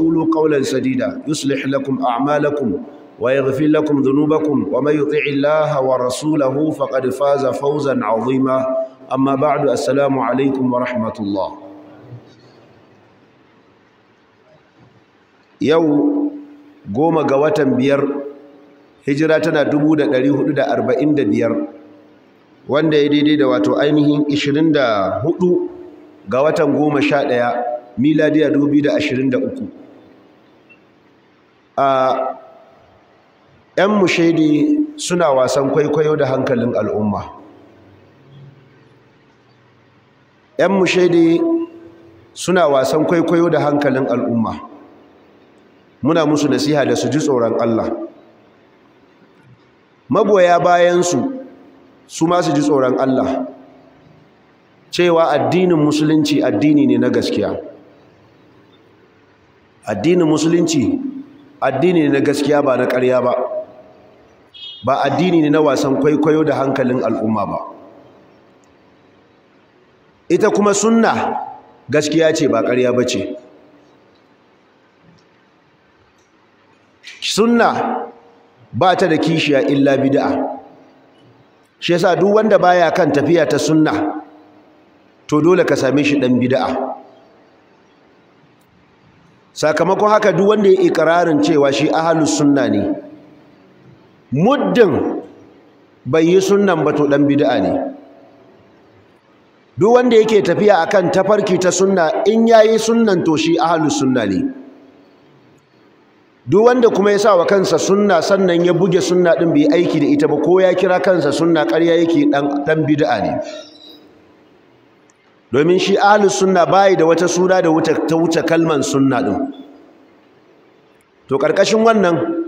قولوا قولا سديدا يصلح لكم أعمالكم ويغفر لكم ذنوبكم ومن يطع الله ورسوله فقد فاز فوزا عظيما أما بعد السلام عليكم ورحمة الله يو قوم قوة بير هجراتنا دبودة لليهود أربعين بير wanda ya daidai da wato ainihin 24 ga watan 11 miladiya 2023 ‘yan mushaidi suna wasan kwaikwayo da hankalin al'umma ‘yan mushaidi suna wasan kwaikwayo da hankalin al'umma muna musu nasiha da su ji tsoron Allah magoya bayansu su ma ji tsoron Allah cewa addinin musulunci addini ne na gaskiya addinin musulunci addini na gaskiya ba na ƙarya ba ba addini na wasan kwaikwayo da hankalin al'umma ba ita kuma sunna gaskiya ce ba ƙarya ba ce sunna ba ta da kishiya illa bid'a shi yasa duk wanda baya kan tafiya ta sunna to dole ka same shi dan bida'a sakamakon haka duk wanda ya ikirarin cewa shi ahlus sunna ne muddin bai yi sunnan ba to dan bid'a ne duk wanda yake tafiya akan tafarki ta sunna in yayi sunnan to shi ahlus sunna ne duk wanda kuma ya sa wa kansa sunna sannan ya buge sunna din bai aiki da ita ba ko ya kira kansa sunna ƙarya yake dan dan bid'a ne domin shi ahlus sunna bai da wata suna da wuta ta wuce kalman sunna din to ƙarƙashin wannan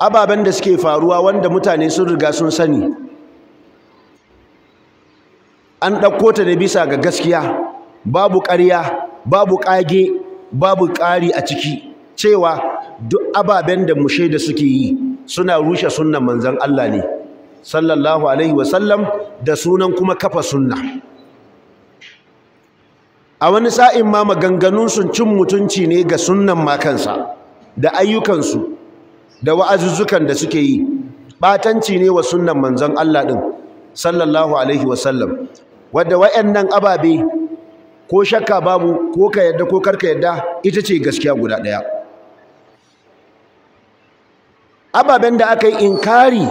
ababen da suke faruwa wanda mutane sun riga sun sani an ɗauko ta da bisa ga gaskiya babu ƙarya babu ƙage babu ƙari a ciki cewa duk ababen da mushe da suke yi suna rushe sunnan manzon Allah ne sallallahu alaihi wasallam da sunan kuma kafa sunna a wani sa'in ma maganganun sun cin mutunci ne ga sunan makansa da ayyukansu da wa'azuzzukan da suke yi batanci ne wa sunan manzon Allah ɗin, sallallahu alaihi wasallam wa'yan wayannan ababe ko shakka babu ko ka yadda ko karka yadda ita ce gaskiya guda ɗaya. ababen da aka yi inkari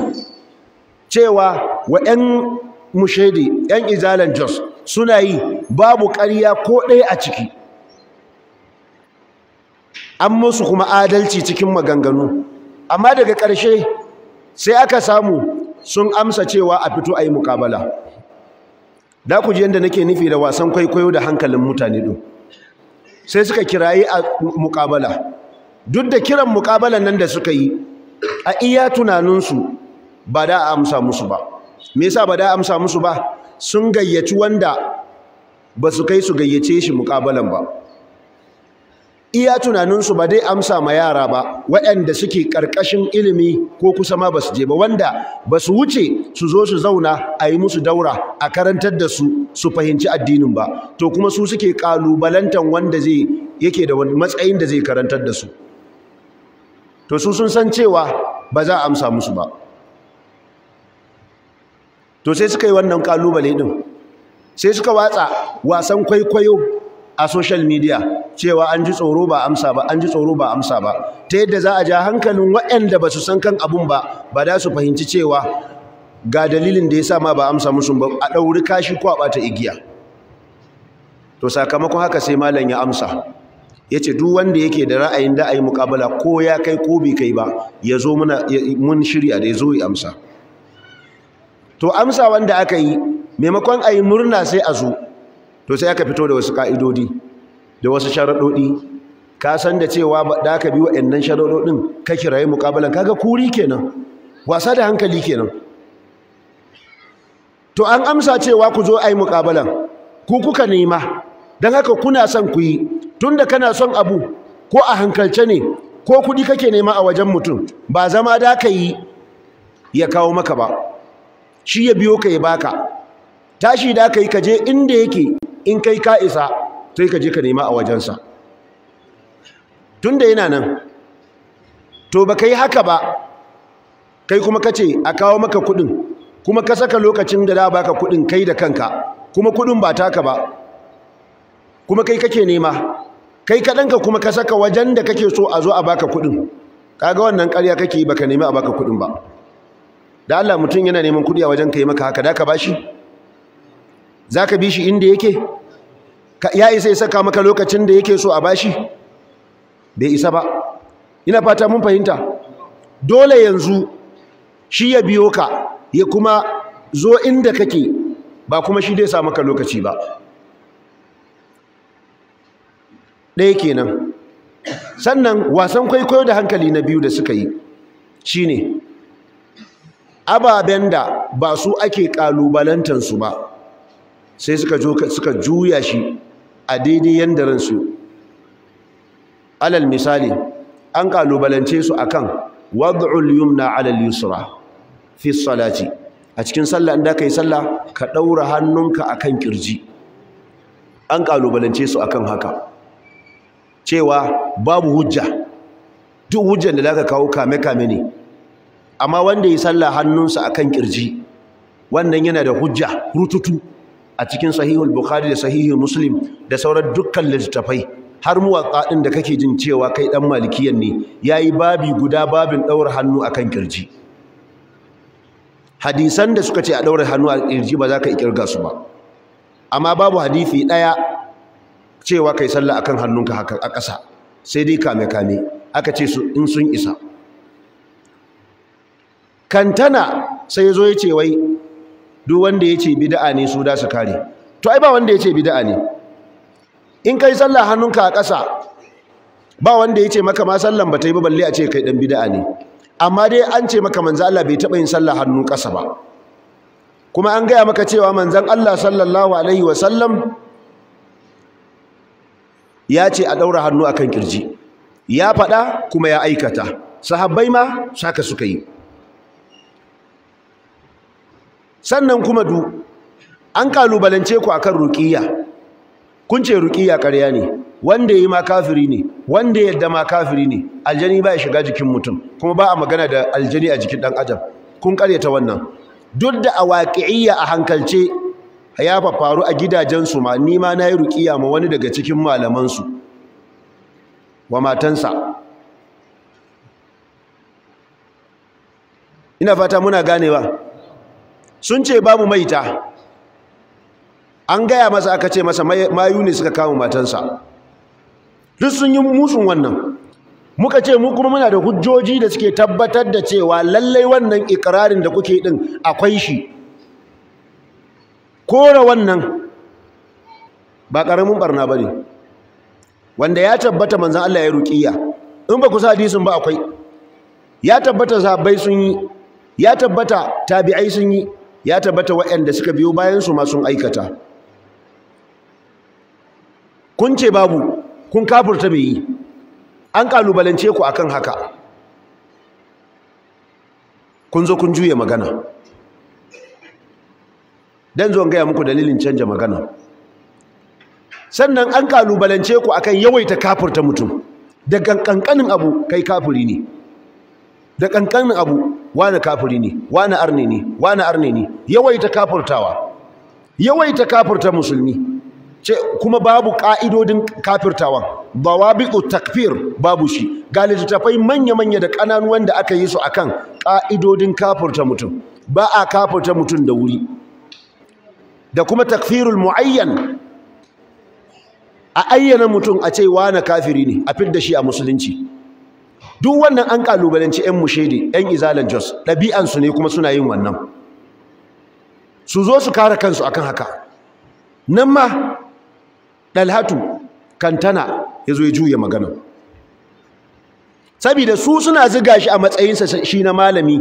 cewa wa'yan mushaidi yan izalan jos suna yi babu ƙarya ko ɗaya a ciki an musu kuma adalci cikin maganganu amma daga ƙarshe sai aka samu sun amsa cewa a fito a yi mukabala da ku ji yadda nake nufi da wasan kwaikwayo da hankalin mutane ɗin sai suka kirayi a muƙabala duk da kiran muƙabalan nan da suka yi a iya tunaninsu ba da amsa musu ba me yasa ba da a amsa musu ba sun gayyaci wanda ba su kai su gayyace shi muƙabalan ba iya tunaninsu ba dai amsa ma yara ba waɗanda suke ƙarƙashin ilimi ko kusa ma ba su je ba wanda ba su wuce su zo su zauna a yi musu daura a karantar da su su fahimci addinin ba to kuma su suke ƙalubalantan wanda zai yake da matsayin da zai karantar da su to su sun san cewa ba za a amsa musu ba to sai suka yi wannan kalubale din sai suka watsa wasan kwaikwayo a social media cewa an ji tsoro ba amsa ba an ji tsoro ba amsa ba ta yadda za a ja hankalin waɗanda ba su san kan abun ba ba da su fahimci cewa ga dalilin da ya sa ma ba amsa musu ba a ɗauri kashi ko a ɓata igiya to sakamakon haka sai malam ya amsa ya ce duk wanda yake da ra'ayin da a yi mukabala ko ya kai ko bi kai ba ya zo mun shirya da ya zo ya amsa to amsa wanda aka yi maimakon a yi murna sai a zo to sai aka fito da wasu ka'idodi da wasu sharaɗoɗi ka san da cewa da aka bi waɗannan sharaɗoɗin ka kirayi muƙabalan kaga kuri kenan wasa da hankali kenan to an amsa cewa ku zo a yi mukabalan ku kuka nema don haka kuna son ku yi tun da kana son abu ko a hankalce ne ko kuɗi kake nema a wajen mutum ba zama da ka yi ya kawo maka ba shi ya biyo ka ya baka tashi da kai yi kaje inda yake in kai ka isa sai ka ka nema a wajensa tunda yana nan to ba kai haka ba kai kuma kace a kawo maka kudin kuma ka saka lokacin da za baka kudin kai da kanka kuma kudin ba taka ba kuma kai kake nema kai kadanka kuma ka saka wajen da kake so a zo a baka kudin kaga wannan ƙarya kake yi baka nemi a baka kudin ba da Allah mutum yana neman kudi a wajen ka yi maka haka da ka bashi za ka bi shi inda yake ya isa ya saka maka lokacin da yake so a bashi bai isa ba ina fata mun fahimta dole yanzu shi ya biyo ka ya kuma zo inda kake ba kuma shi dai sa maka lokaci ba ɗaya kenan sannan wasan kwaikwayo da hankali na biyu da suka yi shi ne. ababen da ba su ake ƙalubalantansu ba sai suka juya shi a daidai yadda ransu alal misali an ƙalubalance su akan wad'ul na alal yusra fi salati a cikin sallah inda yi sallah ka daura hannunka akan kirji an kalubalance su akan haka cewa babu hujja duk hujjan da zaka kawo kame kame ne amma wanda ya sallah hannunsa a kan kirji wannan yana da hujja rututu a cikin sahihul bukari da sahihul muslim da sauran dukkan littattafai har muwatsa ɗin da kake jin cewa kai ɗan malikiyan ne ya yi babi guda babin daura hannu a kan kirji hadisan da suka ce a daura hannu a kirji ba za ka kirga su ba amma babu hadisi ɗaya cewa kai sallah kan hannunka haka a ƙasa sai dai kame kame aka ce su in sun isa kantana sai ya zo ya ce wai duk wanda ya ce bida'a ne su da su kare to ai ba wanda ya ce bida'a ne in kai sallah hannunka a ƙasa ba wanda ya ce maka ma sallan ba ta yi ba balle a ce kai dan bida'a ne amma dai an ce maka manza Allah bai taɓa yin sallah hannun ƙasa ba kuma an gaya maka cewa manzan Allah sallallahu alaihi wa sallam ya ce a ɗaura hannu a kan kirji ya faɗa kuma ya aikata sahabbai ma saka suka yi sannan kuma du an kalubalance ku akan ruqiyya kun ce ruqiyya ƙarya ne wanda yi ma kafiri ne wanda yadda ma kafiri ne aljani ba ya shiga jikin mutum kuma ba a magana da aljani a jikin dan adam kun ta wannan duk da a waƙi'iyya a hankalce ya faru a gidajensu ma ni ma na yi ruqiyya ma wani daga cikin malamansu wa matansa ina fata muna ganewa sun ce babu maita an gaya masa aka ce masa mayu ne suka kama matansa duk sun yi musun wannan muka ce mu kuma muna da hujjoji da suke tabbatar da cewa lallai wannan ikirarin da kuke din akwai shi kora wannan ba karamin barna ne. wanda ya tabbata manzan Allah ya rukiya, in ba ku sa hadisin ba akwai ya tabbata sahabbai sun yi ya tabbata tabi'ai sun yi ya tabbata waɗanda suka biyo bayan su ma sun aikata kun ce babu kun kafurta bai yi an kalubalance ku akan haka kun zo kun juya magana don zo gaya muku dalilin canja magana sannan an kalubalance ku akan yawaita kafurta mutum da kankanin abu kai kafuri ne da kankanin abu wani kafiri ne wani arne ne wani arne ne yawaita kafirtawa yawaita kafirta musulmi ce kuma babu ka'idodin kafirtawan dawabiqu takfir babu shi ga littattafai manya-manya da ƙananu wanda aka yi su akan ka'idodin kafirta mutum ba a kafirta mutum da wuri da kuma takfirul muayyan a ayyana mutum a ce wani kafiri ne a fidda shi a musulunci duk wannan an kalubalanci yan mushedi yan izalan jos ɗabi'ansu ne kuma suna yin wannan su zo su kare kansu akan haka nan ma ɗalhatu kantana ya zo ya juya magana saboda su suna ziga shi a matsayinsa shi na malami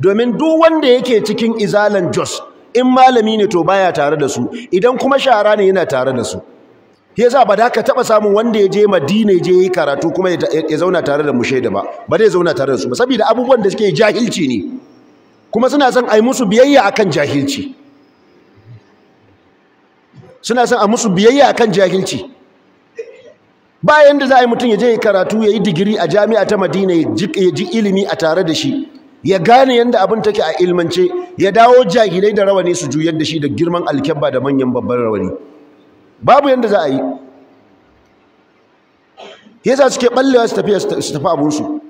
domin duk wanda yake cikin izalan jos in malami ne to baya tare da su idan kuma shara ne yana tare da su za ba da ka taba samun wanda ya je Madina ya je yi karatu kuma ya zauna tare da mushaida ba ba zai zauna tare da su ba saboda abubuwan da suke jahilci ne kuma suna son yi musu biyayya akan jahilci suna son a musu biyayya akan jahilci Bayan da za a yi mutum ya je ya karatu ya yi digiri a jami'a ta Madina ya ji ilimi a tare da shi ya gane yadda abin take a ilmance ya dawo jahilai da rawani su juyar da shi da girman alkyabba da manyan babban rawani babu yadda za a yi yasa suke ɓallewa su tafi su tafi abunsu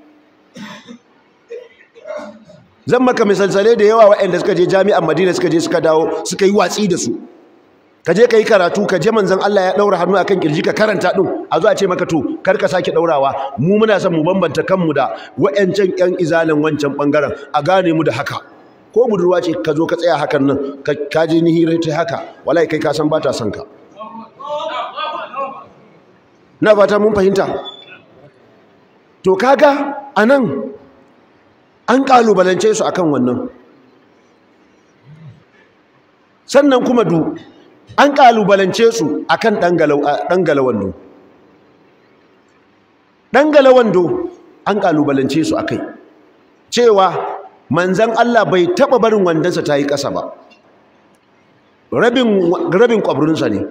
zan maka misalsale da yawa waɗanda suka je jami'an madina suka je suka dawo suka yi watsi da su ka je ka yi karatu ka je manzan Allah ya ɗaura hannu a kan ƙirji ka karanta ɗin? a zuwa ce maka to kar ka sake ɗaurawa. mu muna son mu bambanta kanmu da wayancan ƴan izalin wancan ɓangaren. a gane mu da haka ko budurwa ce ka zo ka tsaya hakan nan ka je ni hira ta haka wallahi kai ka san ba ta son ka na ta mun fahimta to kaga anan an kalubalance su akan wannan sannan kuma du an kalubalance su akan dangalawando dangalawando an kalubalance su akai cewa manzan Allah bai taba barin wandansa ta yi ƙasa ba rabin rabin kwabrinsa ne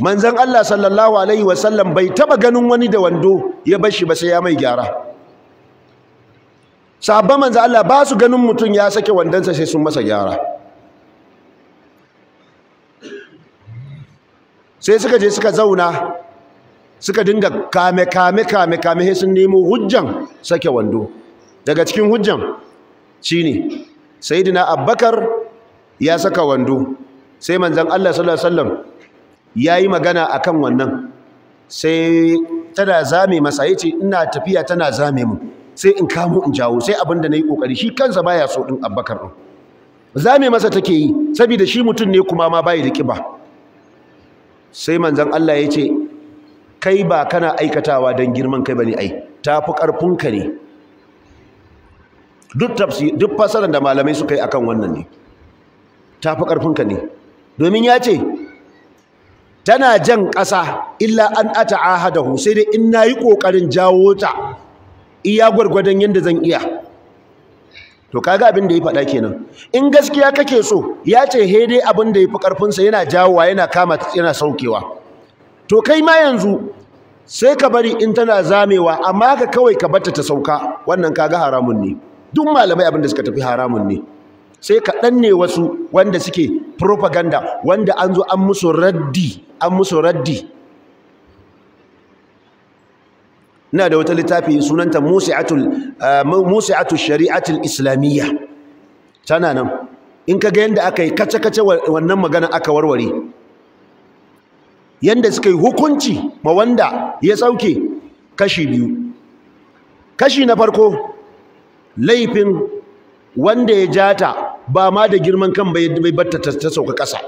manzon Allah sallallahu alaihi wasallam bai taba ganin wani da wando ya bashi ba sai ya mai gyara sabba manzon Allah ba su ganin mutum ya sake wandonsa sai sun masa gyara sai suka je suka zauna suka dinga kame kame kame kame sai sun nemo hujjan sake wando daga cikin hujjan shine sayyidina abubakar ya saka wando sai manzon Allah sallallahu alaihi wasallam ya yi magana a kan wannan sai tana zame masa ya ce ina tafiya tana zame mu sai in kamo in jawo sai abin da na yi ƙoƙari shi kansa baya so ɗin abbakar ɗin zame masa take yi saboda shi mutum ne kuma ma bayi da ƙiba sai manzan Allah ya ce kai ba kana aikatawa don girman kai ba ne ai ta fi ƙarfinka ne duk fasarar da malamai suka yi akan wannan ne ta fi ƙarfinka ne domin ya ce tana jan ƙasa illa an ata da sai dai in na yi ƙoƙarin jawo ta iya gwargwadon yadda zan iya to kaga abin da ya faɗa kenan in gaskiya kake so ya ce he dai abin da ya fi ƙarfinsa yana jawowa yana kama yana saukewa to kai ma yanzu sai ka bari in tana zamewa amma ka kawai ka batta ta sauka wannan kaga haramun ne duk malamai abin da suka tafi haramun ne sai kaɗan ne wasu wanda suke propaganda wanda an zo an musu raddi an musu raddi ina da wata littafi sunanta musi'atul uh, shari'atul islamiyya tana nan in ka ga yadda aka yi kace-kace wannan magana aka warware yadda suka yi hukunci ma wanda ya sauke kashi biyu kashi na farko laifin wanda ya jata ba ma da girman kan ba bai batta ta sauka ƙasa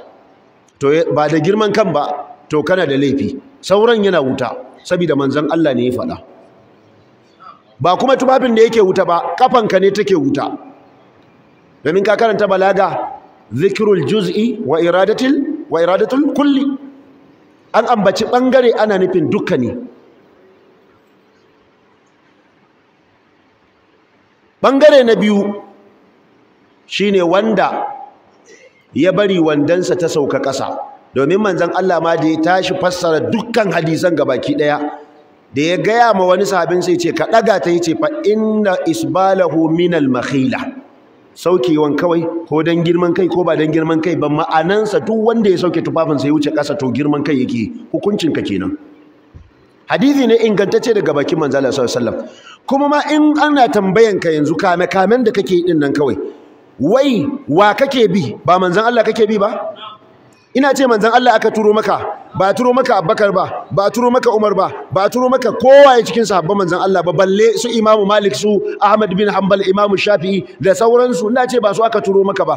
to eh, ba da girman kan ba to kana da laifi sauran yana wuta saboda manzan Allah ne ya faɗa ba kuma tubabin da yake wuta ba kafanka ne take wuta domin ka karanta balaga zikrul juz'i wa iradatil wa iradatul kulli an ambaci bangare ana nufin dukkani bangare na biyu shine wanda ya bari wandansa ta sauka ƙasa domin manzon Allah ma da ya tashi fassara dukkan hadisan baki daya da ya gaya ma wani sahabin sai ce ka ɗaga ta yace fa inna isbalahu minal makhila saukewan kawai ko dan girman kai ko ba dan girman kai ba ma'anansa duk wanda ya sauke tufafin sai wuce ƙasa to girman kai yake hukuncin ka kenan hadisi ne ingantacce daga bakin Manzala Allah sallallahu alaihi wasallam kuma ma in ana tambayan ka yanzu kame kamen da kake yi din nan kawai wai wa kake bi ba manzan Allah kake bi ba ina ce manzan Allah aka turo maka ba turo maka Abubakar ba ba turo maka Umar ba ba turo maka kowa ya cikin sahabban manzan Allah ba balle su imamu Malik su Ahmad bin Hanbal imamu Shafi'i da sauransu ina ce ba su aka turo maka ba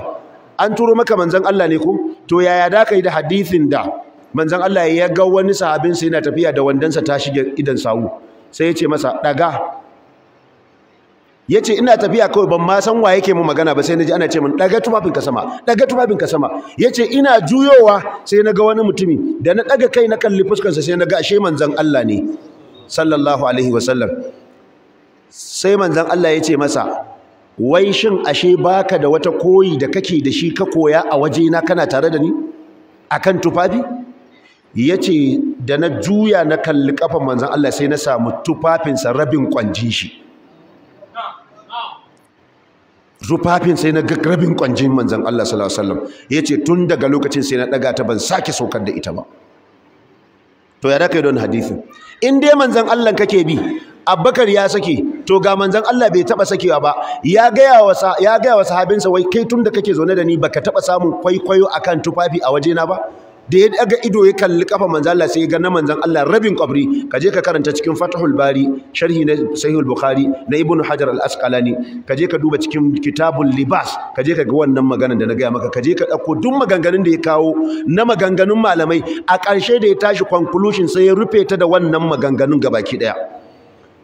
an turo maka manzan Allah ne ko to yaya da kai da hadithin da manzan Allah ya ga wani sahabin sa yana tafiya da wandansa ta shige idan sawu sai ya ce masa daga ya ce ina tafiya kawai ban ma san wa yake mu magana ba sai na ji ana ce min ɗaga tufafin ka sama ɗaga tufafin ka sama ya ce ina juyowa sai na ga wani mutumi da na ɗaga kai na kalli fuskarsa sai na ga ashe manzan Allah ne sallallahu alaihi wasallam sai manzon Allah ya ce masa wai shin ashe baka da wata koyi da kake da shi ka koya a waje na kana tare da ni akan tufafi ya ce da na juya na kalli kafan manzon Allah sai na samu tufafinsa rabin kwanjin shi zufafin sai na rabin kwanjin manzan Allah sallallahu alaihi wasallam ce tun daga lokacin sai na daga ta ban sake saukar da ita ba to ya raka don hadisin in dai manzan Allah kake bi abbakar ya sake to ga manzan Allah bai taba sakewa ba ya gaya wa sahabinsa wai kai tun da kake zaune da ni baka taɓa samun kwaikwayo akan tufafi a wajena ba da ya daga ido ya kalli kafa manzan Allah sai ya ga na Allah rabin kabri ka je ka karanta cikin Fathul Bari sharhi na Sahihul Bukhari na Ibn Hajar al-Asqalani ka je ka duba cikin Kitabul Libas ka je ka ga wannan maganar da na gaya maka ka je ka dauko duk maganganun da ya kawo na maganganun malamai a ƙarshe da ya tashi conclusion sai ya rufe ta da wannan maganganun gabaki daya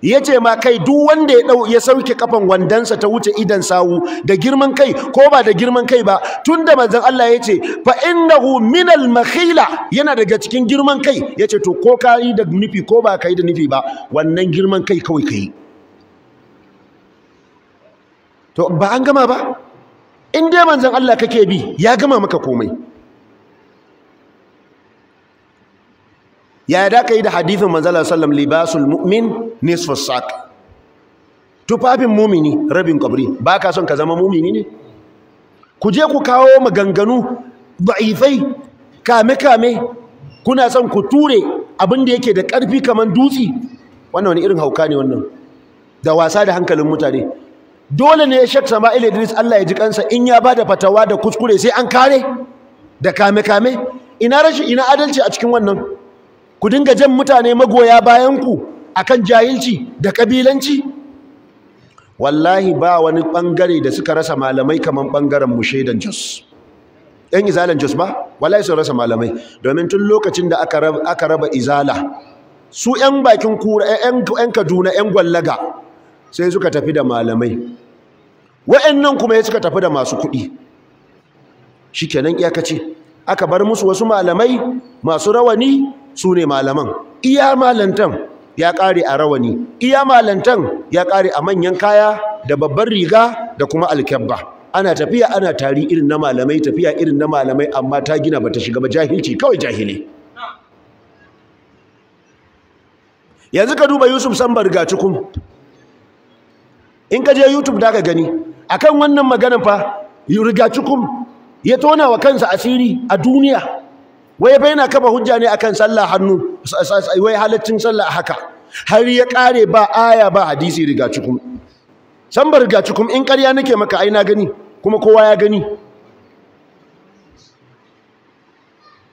ya ce ma kai duk wanda ya dau ya sauke kafan wandansa ta wuce idan sawu da girman kai ko ba da girman kai ba tunda manzon Allah ya ce fa innahu minal makhila yana daga cikin girman kai ya ce to ko ka yi da nufi ko ba ka yi da nufi ba wannan girman kai kawai ka yi to ba an gama ba in dai manzon Allah kake bi ya gama maka komai ya da yi da hadithin manzala sallam libasul mu'min nisfus sak tufafin mumini rabin kabri ba ka son ka zama mumini ne ku je ku kawo maganganu da'ifai kame kame kuna son ku ture abin yake da karfi kamar dutse wannan wani irin hauka ne wannan da wasa da hankalin mutane dole ne sama Sama'il Idris Allah ya ji kansa in ya ba da fatawa da kuskure sai an kare da kame kame ina rashin ina adalci a cikin wannan ku dinga jan mutane magoya bayan bayanku kan jahilci da kabilanci wallahi ba wani bangare da suka rasa malamai kamar bangaren mu jos yan izalan jos ba wallahi sun rasa malamai domin tun lokacin da aka raba izala su yan bakin kura yan Kaduna yan gwallaga sai suka tafi da malamai wa'annan kuma ya suka tafi da masu kuɗi shi kenan iyakace aka bar musu wasu malamai masu rawani su ne malaman iya malantan ya ƙare a rawani iya malantan ya ƙare a manyan kaya da babban riga da kuma alkyabba ana tafiya ana tari irin na malamai tafiya irin na malamai amma ta gina bata shiga ba jahilci kawai jahili yanzu ka duba yusuf sambar ga cikin in ka je youtube da ka gani akan wannan maganan fa riga cikin ya tona wa kansa asiri a duniya wai bai na kafa hujja ne akan sallah hannu wai halaccin sallah haka har ya kare ba aya ba hadisi riga cikum san ba riga cikum in ƙarya nake maka ai na gani kuma kowa ya gani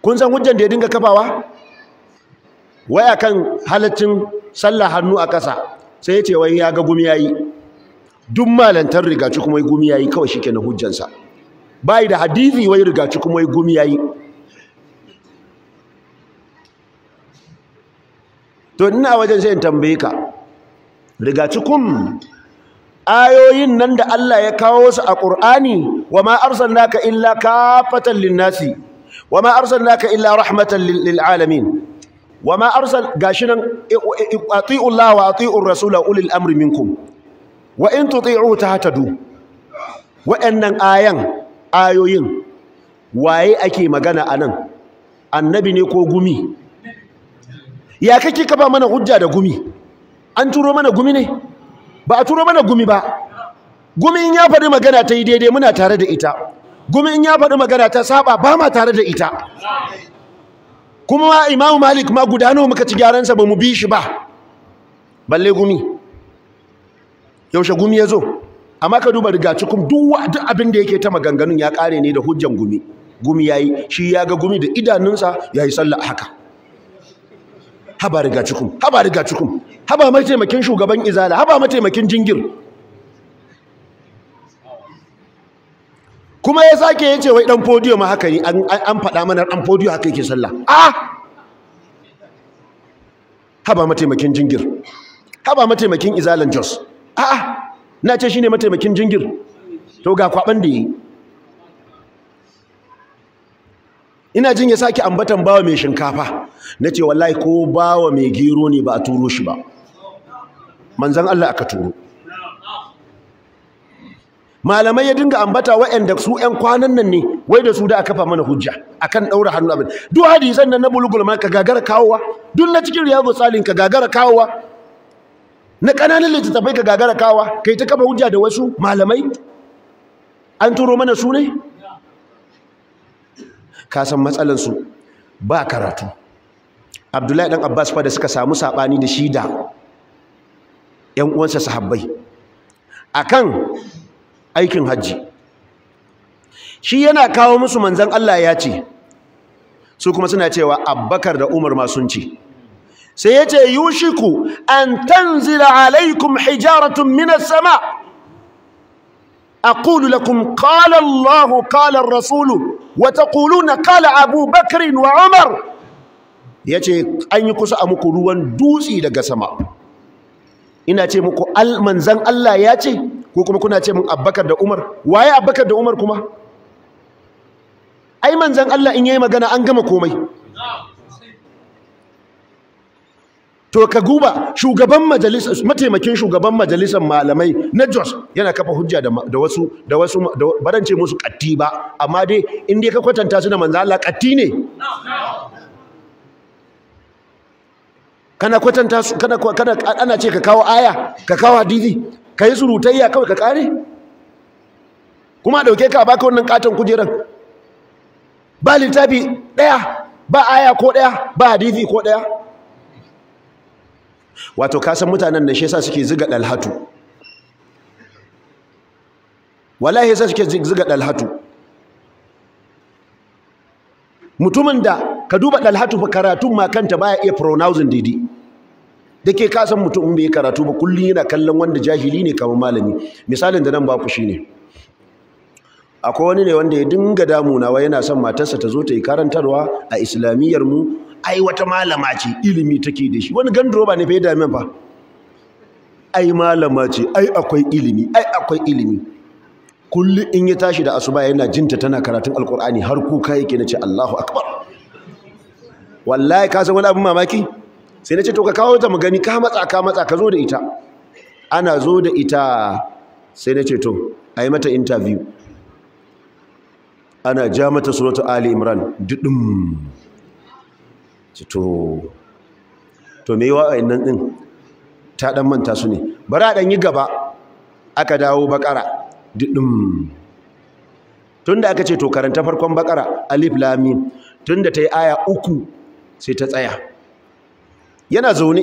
kun san hujjan da ya dinga kafawa wai akan halaccin sallah hannu a ƙasa sai ya ce wai ya ga gumi yayi duk malantar riga cikum wai gumi yayi kawai na hujjansa bai da hadisi wai riga cikum wai gumi yayi to ina wajen sai in tambaye ka rigacikun ayoyin nan da Allah ya kawo su a Qur'ani wama arsalnaka illa kafatan linnasi wama arsalnaka illa rahmatan lil alamin wama arsal gashi nan ati'u Allah wa ati'u rasula ulil amri minkum wa in tuti'u tahtadu wa'annan ayan ayoyin waye ake magana anan annabi ne ko gumi ya kake ka ba mana hujja da gumi an turo mana gumi ne ba a turo mana gumi ba gumi in ya faɗi magana ta yi daidai muna tare da ita gumi in ya faɗi magana ta saba ba ma tare da ita kuma imamu malik ma guda nawa muka ci gyaransa ba mu bi shi ba balle gumi yaushe gumi ya zo amma ka duba riga cikin duk abin da yake ta maganganun ya kare ne da hujjan gumi gumi ya yi, shi ya ga gumi da idanunsa ya yi sallah haka haba riga cikin haba riga cikin haba mataimakin shugaban izala haba mataimakin jingir kuma ya sake yace wai dan podiyo ma haka ne an faɗa mana dan podiyo haka yake sallah a haba mataimakin jingir haba mataimakin izalan jos a na ce shine mataimakin jingir to ga kwaban da yi ina jin ya sake ambatan bawa mai shinkafa na ce wallahi ko bawa mai gero ne ba a turo shi ba manzan Allah aka turo malamai ya dinga ambata wa'anda su ƴan kwanan nan ne wai da su da aka fa mana hujja akan daura hannu abin duk hadisan nan na bulugul ma ka gagara kawowa duk na cikin riyadu salin ka gagara kawowa na kananan littattafai ka gagara kawowa kai ta kafa hujja da wasu malamai an turo mana su ne Kasan matsalarsu matsalansu ba karatu abdullahi dan abbas fa suka samu saɓani da shi da yan uwansa sahabbai akan aikin hajji shi yana kawo musu manzon Allah ya ce su kuma suna cewa abbakar da umar ma sun ce sai yace yushiku an tanzila alaikum hijaratun minas sama aqulu lakum qala Allahu qala ar-rasulu wa taquluna qala Abu Bakr wa Umar ce an yi kusa a muku ruwan dutsi daga sama ina ce muku al manzan Allah ya ce ko kuma kuna ce mun abbakar da Umar waye abbakar da Umar kuma ai manzan Allah in yi magana an gama komai to ka guba shugaban majalisar mataimakin shugaban majalisar malamai na Jos yana kafa hujja da wasu da wasu barance musu katti ba amma dai in dai ka kwatanta su da manzo Allah katti ne kana kwatanta su kana kana ana ce ka kawo aya ka kawo hadisi ka yi surutayya kawai ka kare kuma dauke ka baka wannan katon kujeran ba littafi daya ba aya ko daya ba hadisi ko daya wato kasan mutanen da shi yasa suke ziga dalhatu wallahi yasa suke ziga dalhatu mutumin da ka duba dalhatu fa karatun ma kanta baya iya pronouncing daidai dake kasan mutum bai karatu ba kullum yana kallon wanda jahili ne kamar malami misalin da nan ba ku shine akwai wani ne wanda ya dinga damuna wai yana son matarsa ta zo ta yi karantarwa a islamiyyar mu ai wata malama ce ilimi take da shi wani ganduroba ne fa yi dame ba ai malama ce ai akwai ilimi ai akwai ilimi kullu in ya tashi da asuba yana jinta tana karatun alkur'ani har kuka yake ce Allahu akbar wallahi ka san wani abin mamaki sai na ce to ka kawo ta magani ka matsa ka matsa ka zo da ita ana zo da ita sai na ce to ai mata interview ana ja mata suratul ali imran duɗin ci to to me yawa nan ɗin ta ɗan manta su ne bari a yi gaba aka dawo bakara tun tunda aka ce to karanta farkon bakara alif tun da ta yi aya uku sai ta tsaya yana zaune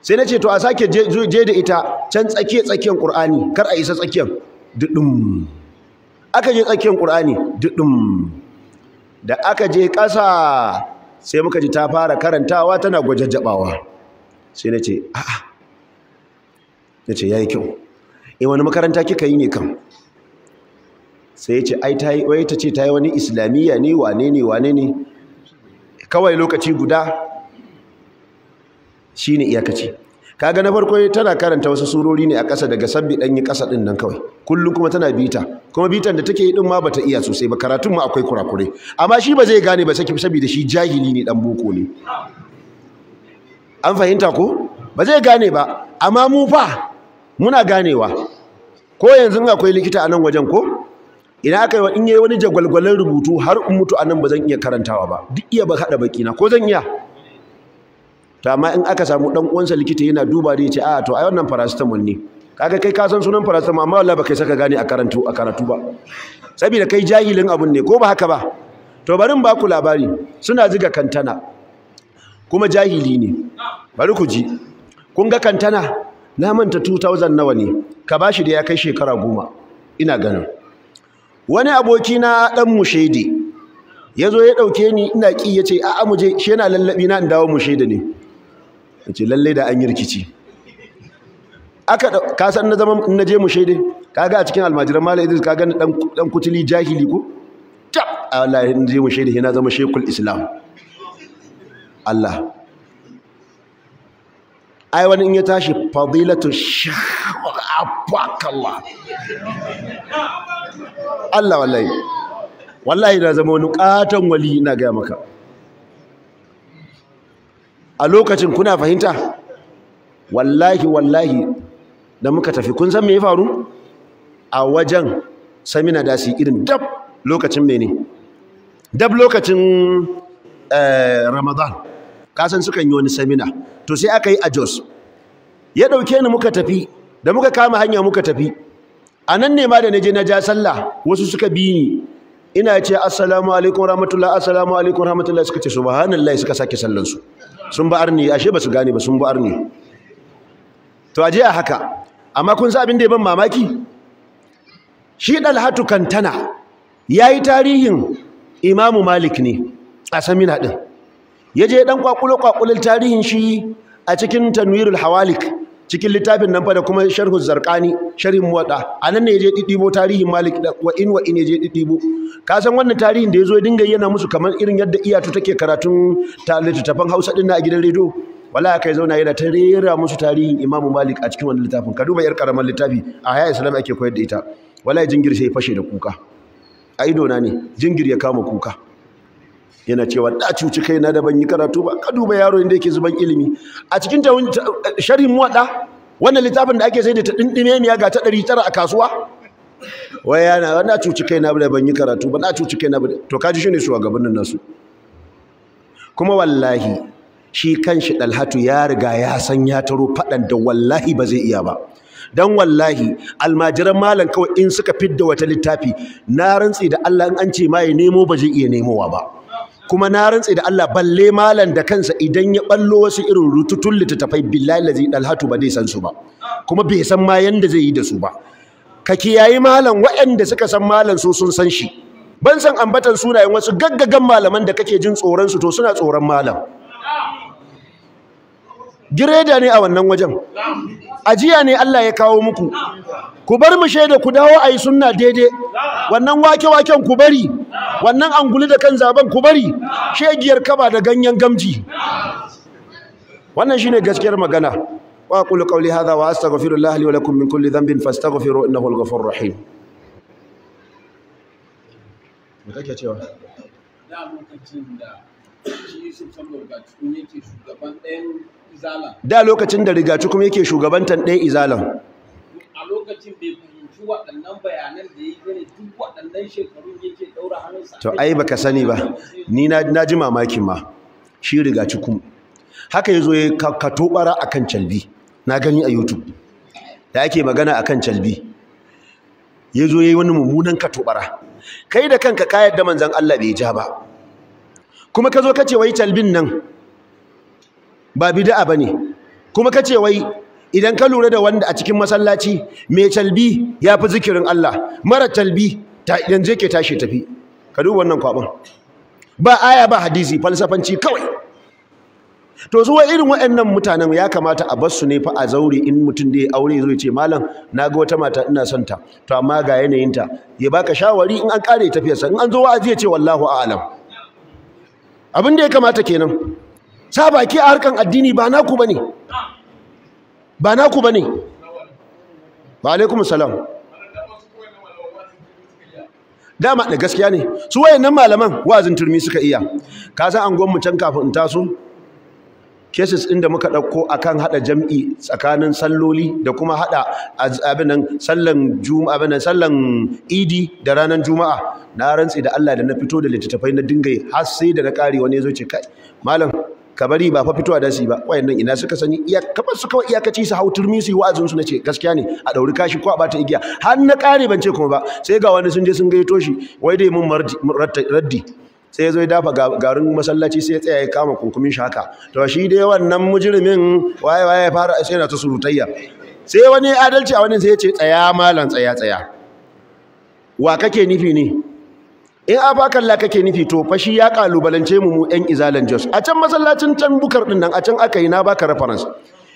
sai na ce to a sake je da ita can tsakiyar tsakiyar ƙur'ani kar a isa tsakiyar ɗin aka je tsakiyar ƙur'ani ɗin da aka je ƙasa sai muka ji ta fara karantawa tana gwajajjabawa sai na ce a'a na ce ya yi kyau in eh, wani makaranta kika yi ne kan sai ya ce ai ta yi wai ta ce ta yi wani islamiyya ne wane ne wane ne kawai lokaci guda shi ne iyakaci kaga na farko tana karanta wasu surori ne a ƙasa daga sabbi ɗan yi ƙasa ɗin nan kawai kullum kuma tana bita kuma bitan da take yi din ma bata iya sosai ba karatun ma akwai kurakure amma shi ba zai gane ba saki saboda shi jahili ne dan boko ne an fahimta ko ba zai gane ba amma mu fa muna ganewa ko yanzu akwai likita a nan wajen ko ina aka yi in yi wani jagwalgwalan rubutu har in mutu anan ba zan iya karantawa ba duk iya ba haɗa baki na ko zan iya ta ma in aka samu dan uwansa likita yana duba da yace a ah, to ai wannan paracetamol ne kaga kai ka san sunan paracetamol amma wallahi baka saka gane a karantu a karatu ba saboda kai jahilin abun ne ko ba haka ba to bari in baku labari suna ziga kantana kuma jahili ne bari ku ji kun ga kantana na manta 2000 nawa ne ka bashi da ya kai shekara goma ina ganin wani aboki na dan mushedi ya zo ya ɗauke ni ina ki ya ce a'a muje shi yana lallabi, na in dawo mu ne in ce lallai da an yi rikici aka san na zama na je mu shaidai kaga a cikin almajiran malam idris kaga ni dan kutuli jahili ko ta Allah in je mu shaidai yana zama shekul islam Allah ai wani in ya tashi fadilatu shafakallah Allah wallahi wallahi na zama wani katon wali ina gaya maka a lokacin kuna fahimta wallahi wallahi da muka tafi kun san me ya faru a wajen samina da su irin dab lokacin mene dab lokacin eh, ramadan kasan sukan yi wani samina to sai aka yi a jos ya ɗauke ni muka tafi da muka kama hanya muka tafi a nan ne ma da na je na ja sallah wasu suka bi ni ina ce assalamu alaikum rahmatullah assalamu alaikum rahmatullah suka ce subhanallahi suka sake sallan su sun ba arni ashe basu gane ba sun ba arni to aje a haka amma kun sa abin da ya ban mamaki shi dalhatu kantana yayi tarihin imamu malik ne a samina din yaje dan kwakulo kwakulul tarihin shi a cikin tanwirul hawalik cikin littafin nan fa da kuma sharhu zarqani sharhin a anan ne yaje didibo tarihin malik wa in wa in yaje didibo ka san wannan tarihin da yazo ya dinga yana musu kamar irin yadda iyatu take karatun littattafan Hausa din na a gidan rediyo wallahi kai zauna yana ta rera musu tarihin Imam Malik a cikin wannan littafin ka duba yar karamar littafi a haya islam ake koyar da ita wallahi jingir sai fashe da kuka a idona ne jingir ya kama kuka yana cewa da cuci kaina da ban yi karatu ba ka duba yaro inda yake zuban ilimi a cikin ta sharhin muwaɗa wannan littafin da ake sai da ta ɗinɗime miya ga ta tara a kasuwa wai yana na cuci kaina da ban yi karatu ba na cuci kaina ba to kaji shine shugabannin nasu kuma wallahi shi kan shi dalhatu ya riga ya san ya taro faɗan da wallahi ba zai iya ba dan wallahi almajiran malam kawai in suka fidda wata littafi na rantsi da Allah in an ce ma ya nemo ba zai iya nemowa ba kuma na rantse da Allah balle malam da kansa idan ya ballo wasu irin rututun littattafai billahi lazi dalhatu ba zai san su ba kuma bai san ma yanda zai yi da su ba ka kiyayi malam waɗanda suka san malam su sun san shi ban san ambatan sunayen wasu gaggagan malaman da kake jin tsoron su to suna tsoron malam gireda ne a wannan wajen ajiya ne Allah ya kawo muku ku bar mu shaida ku dawo ayi sunna daidai wannan wake waken ku bari wannan anguli da kan zaben ku bari shegiyar kaba da ganyen gamji wannan shine gaskiyar magana wa aqulu qawli hadha wa astaghfirullaha li wa lakum min kulli dhanbin fastaghfiru innahu al-ghafurur rahim me kake cewa da lokacin da da lokacin da rigaci kuma yake shugabantan ɗaya izalan a lokacin bai fahimci waɗannan bayanan da ya gane duk waɗannan shekarun yake ɗaura hannunsa to ai baka sani ba ni na ji mamakin ma shi rigaci kuma haka ya zo ya kato ɓara a kan calbi na gani a youtube da ake magana a kan calbi ya zo ya yi wani mummunan kato ɓara kai da kanka kayar da manzon Allah bai ja ba kuma ka zo ka ce wai talbin nan ba bid'a bane kuma ka ce wai idan ka lura da wanda a cikin masallaci mai talbi ya fi zikirin Allah mara talbi yanzu yake tashi tafi ka duba wannan kwaban ba aya ba hadisi falsafanci kawai to zuwa irin waɗannan mutanen ya kamata a bar su ne fa a zaure in mutum da ya aure zai ce malam na ga wata mata ina son ta to amma ga yanayin ta ya baka shawari in an kare sa in an zo wa'azi ya ce wallahu a'lam abin da ya kamata kenan sa baki a harkan addini ba naku bane ba naku bane wa alaikum salam dama da gaskiya ne su wayannan malaman wazin turmi suka iya ka san an mu can kafin in taso cases inda da muka ɗauko akan hada jam'i tsakanin salloli da kuma hada abinan sallan juma'a abinan sallan idi da ranan juma'a na rantsi da Allah da na fito da littattafai na dinga har sai da na kare wani yazo ce kai malam ka bari ba fa fitowa da shi ba wayannan ina suka sani iya kamar su kawai iyakaci su hau turmi su yi wa'azin su nace gaskiya ne a dauri kashi ko a bata igiya har na kare ban ce kuma ba sai ga wani sun je sun gaito shi wai dai mun raddi sai ya ya dafa garin masallaci sai ya ya kama kunkumin shi haka to shi dai wannan mujirmin waye waye ya fara sai na ta surutayya sai wani adalci a wani sai ya ce tsaya malam tsaya tsaya wa kake nufi ne in abakalla kake nufi to fa shi ya kalubalance mu mu ɗan izalan jos a can masallacin can bukar din nan a can aka yi na baka reference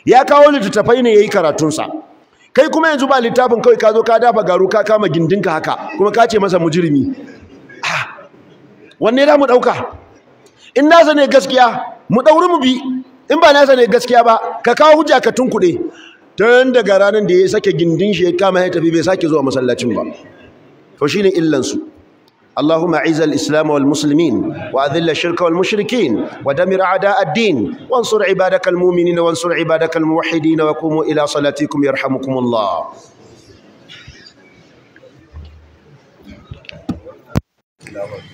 ya kawo littattafai ne yayi karatunsa kai kuma yanzu ba littafin kawai ka zo ka dafa garu ka kama gindinka haka kuma ka ce masa mujirmi. wanne za mu ɗauka in nasa ne gaskiya mu ɗauri mu bi in ba na ne gaskiya ba ka kawo hujja ka tunkuɗe tun daga ranar da ya sake gindin shi ya kama ya tafi bai sake zuwa masallacin ba to shine illansu اللهم اعز الاسلام والمسلمين واذل الشرك والمشركين ودمر اعداء الدين وانصر عبادك المؤمنين وانصر عبادك الموحدين وقوموا الى صلاتكم يرحمكم الله Thank